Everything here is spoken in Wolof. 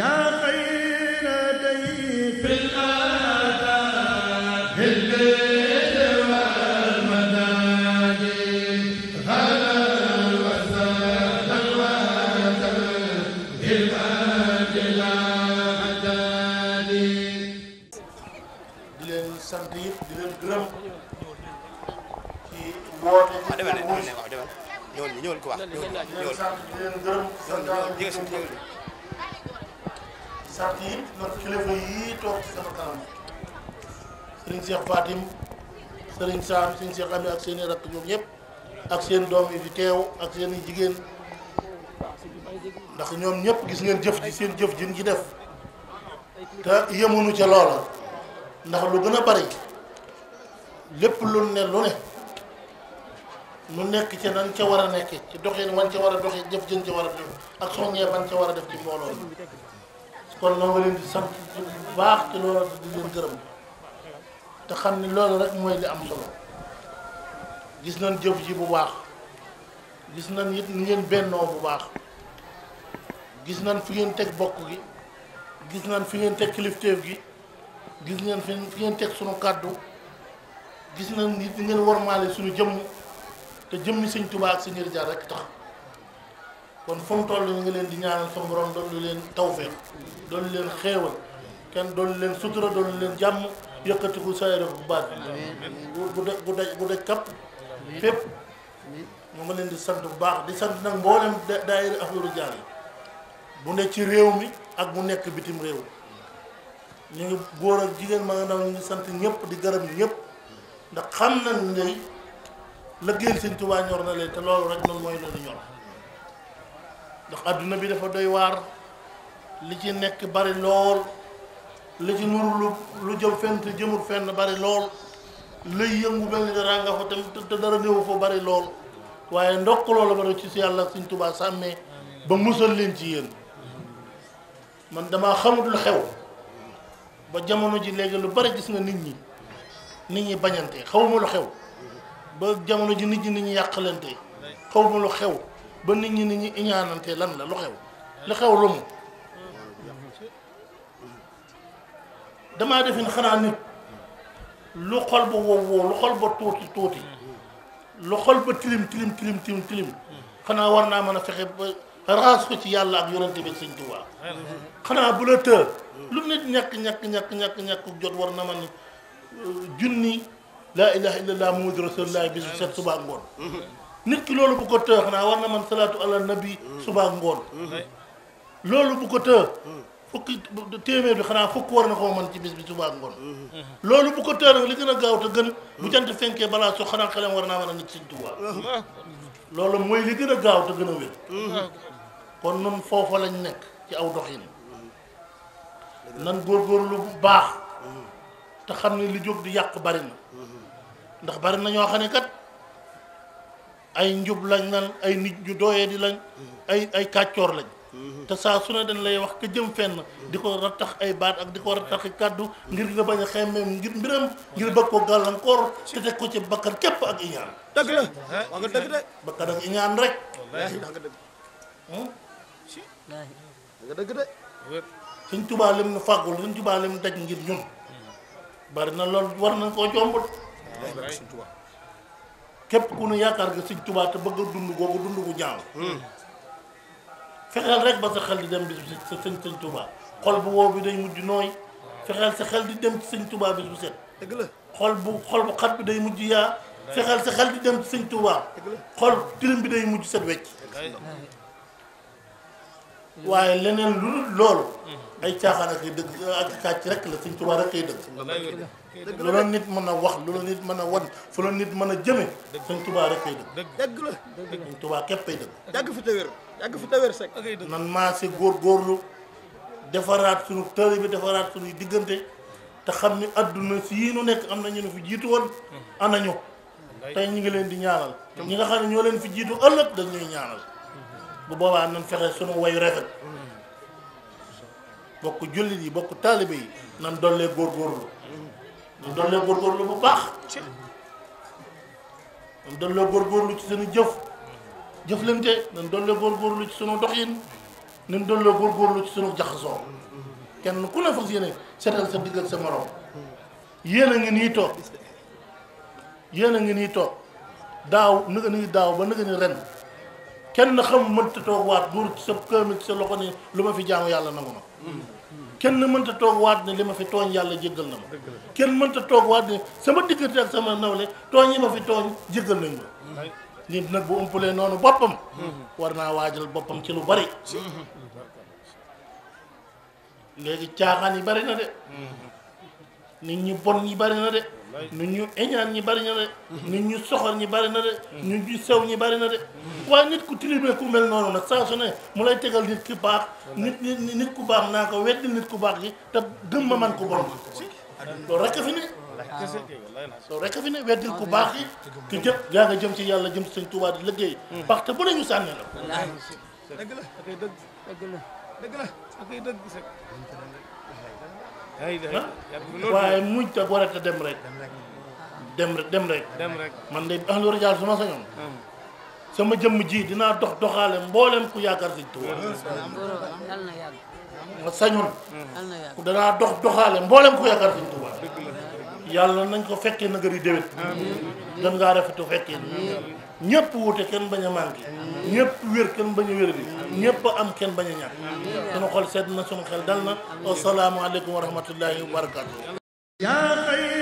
yaa xayra day fil fil baydi wal it di leen gërëm ci woote ci ñëwal ñëwal ko wax ñëwal ñëwal sant di leen gërëm sant yi nag kilifa yii toog ci sama kanam sëriñ Cheikh Fatim sëriñ Saam sëriñ Cheikh Ami ak seen i rakk ñoom ñëpp ak seen doom yi fi teew ak seen jigéen ndax ñoom ñëpp gis ngeen jëf ji seen jëf ji ñu def te yemuñu ca loola ndax lu gën a bari lépp lu ne lu ne nu nekk ca nan ca war a nekke ci doxin wan ca war a doxee jëf jën ca war a def ak soññee ban ca war a def ci mbooloo kon na nga leen di sant bu baax ci loolu di leen gërëm te xam ni lool rek mooy li am solo gis nañ jëf ji bu baax gis nan it ni ngeen bennoo bu baax gis nañ fi ngeen teg bokk gi gis nañ fi ngeen teg kilifteef gi gis ngeen fi ngeen teg suñu kàddu gis nañ nit ngeen warmaale suñu jëmm te jëmmi sëñ Tuubaa ak sëñ Rijaal rek tax kon fu mu toll ñu ngi leen di ñaanal sama borom doon leen tawfeex doon leen xeewal kenn doon leen sutura doon leen jàmm yëkkatiku saa yore bu baax bu bu bu daj bu daj kapp fépp ñu leen di sant bu baax di sant nag mboolem daayira Ahlul Rijaal yi bu nekk ci réew mi ak bu nekk bitim réew ñu ngi góor ak jigéen ma nga ndaw ñu ngi sant ñëpp di gërëm ñëpp ndax xam nañ ne lëggéeyal Sëñ Tuubaa ñor na leen te loolu rek noonu mooy loolu ñor ndax àdduna bi dafa doy waar li ci nekk bari lool li ci nuru lu lu jëm fenn te jëmul fenn bari lool lay yëngu mel ni dara nga fa te dara néew fa bari lool waaye ndokk loola ma ne ci si yàlla suñ tubaa sàmmee ba musal leen ci yéen man damaa xamut lu xew ba jamono ji léegi lu bari gis nga nit ñi nit ñi bañante xaw ma lu xew ba jamono ji nit ñi nit ñi yàqalante xaw ma lu xew ba nit ñi nit ñi iñaanante lan la lu xew lu xew lu mu damaa defin xanaa nit lu xol ba wow wow lu xol ba tuuti tuuti lu xol ba tilim tilim tilim tilim tilim xanaa war naa mën a fexe ba ko ci yàlla ak yonente bi sëñ Tuubaa xanaa bu la tër lu nit ñàkk ñàkk ñàkk ñàkk ñàkk jot war na man junni laa ilaha illallah muhammadu rasulullah bis bu set subaa ngoon nit ki loolu bu ko tëë xanaa war na man salaatu ala nabi suba ngoon loolu bu ko tëë fukki téeméer bi xanaa fukk war na koo man ci bis bi suba ak ngoon loolu bu ko tëë nag li gën a gaaw te gën bu jant fenkee balaa so xanaa xelam war naa mën a nit Sëñ Tuubaa loolu mooy li gën a gaaw te gën a wér kon nun foofa lañ nekk ci aw doxin nan góor bu baax te xam ne li jóg di yàq bari na ndax bari ñoo xam ne kat ay njub lañ na ay nit ñu dooyee di lañ ay ay kàccoor lañ mm-hmm. te saa su ne dañ lay wax ka jëm fenn di ko rattax ay baat ak di ko rattaxi kàddu ngir nga bañ a xemmeem ngir mbiram ngir bëgg ko gàllankoor te teg ko ci bakkan képp ak iñaan dëgg la de bakkan ak iñaan rek nga hmm? suñ tubaa lim nu fàggul suñ tubaa lim daj ngir ñun mm-hmm. bari na lool war nañ koo jombut suñ képp ku nu yaakaar nga sëñ Tuubaa te bëgg a dund googu dund gu ñaaw hmm. fexeel rek ba sa xel di dem bis set sëñ sëñ Tuubaa xol bu woo day mujj nooy fexeel sa xel di dem ci sëñ Tuubaa bis bu set dëgg la xol bu bu xat bi day mujj yaa fexeel sa xel di dem ci sëñ Tuubaa xol tilim bi day mujj set wecc waaye leneen lu dul lool hmm. ay caaxaan ak yi dëgg ak kàcc rek la Sëñ Tuubaa rek ay dëgg lu la nit mën a wax lu la nit mën a wan fu la nit mën a jëme Sëñ Tuubaa rek ay dëgg dëgg la Sëñ Tuubaa képp ay dëgg yàgg fi te wér yàgg fi te wér sek nan maase góor góorlu defaraat suñu tëri bi defaraat suñuy diggante te xam ni adduna si yii nu nekk am na ñu ne fi jiitu woon anañu tey ñu ngi leen di ñaanal ñi nga xam ne ñoo leen fi jiitu ëllëg dañ ñuy ñaanal bu boobaa nañ fexe suñu wayu rafet bokk jullit yi bokk taalibe yi nan dollee góorgóorlu nan dollee góorgóorlu bu baax nan dollee góorgóorlu ci sunu jëf jëflante nan dollee góorgóorlu ci sunu doxin nan dollee góorgóorlu ci sunu jaxasoo kenn ku ne fas yéene seetal sa digg ak sa morom yéen a ngi nii toog a ngi nii toog daaw nëga ni daaw ba nëga ni ren kenn xam mënta waat duur ci sa kër ci sa loxo ni lu ma fi jaamu yàlla nangu na kenn mënta toog waat ne li ma fi tooñ yàlla jéggal na ma kenn mënta toog waat ne sama diggante ak sama nawle tooñ yi ma fi tooñ jéggal nañ ma nit nag bu ëmpalee noonu boppam mm-hmm. war naa waajal boppam ci lu bari mm-hmm. léegi caaxaan yi bari na de mm-hmm. nit ñi bon yi bari na de nit ñu iñaan ñi bari na de nit ñu soxor ñi bari na de nit ñu sew ñi bari na de waaye nit ku tilimee ku mel noonu nag saa su ne mu lay tegal nit ku baax nit nit ku baax naa ko weddi nit ku baax gi te gëm ma man ku bon loolu rekk fi ne loolu rekk fi ne weddil ku baax yi te jëm yaa nga jëm ci yàlla jëm ci sëñ Tuubaa di liggéey parce que bu ne ñu sànni la dëgg la dëgg la dëgg la dëgg la waaye muñ te gore te dem rek dem rek dem rek man de ahlu rajaal su ma sañoon hmm. sama jëmm ji dinaa dox doxaale mboolem ku yaakaar sëñ Tuubaa hmm. ma hmm. dox doxaale mboolem ku yaakaar sëñ yàlla nañ ko fekkee na gër yi déwét gën ngaa rafetu fekkee ñëpp wute kenn bañ a manqué ñëpp wér kenn bañ a wér bi ñëpp am kenn bañ a ñàkk sunu xol sedd na sunu xel dal na asalaamaaleykum wa rahmatullahi wa barakatu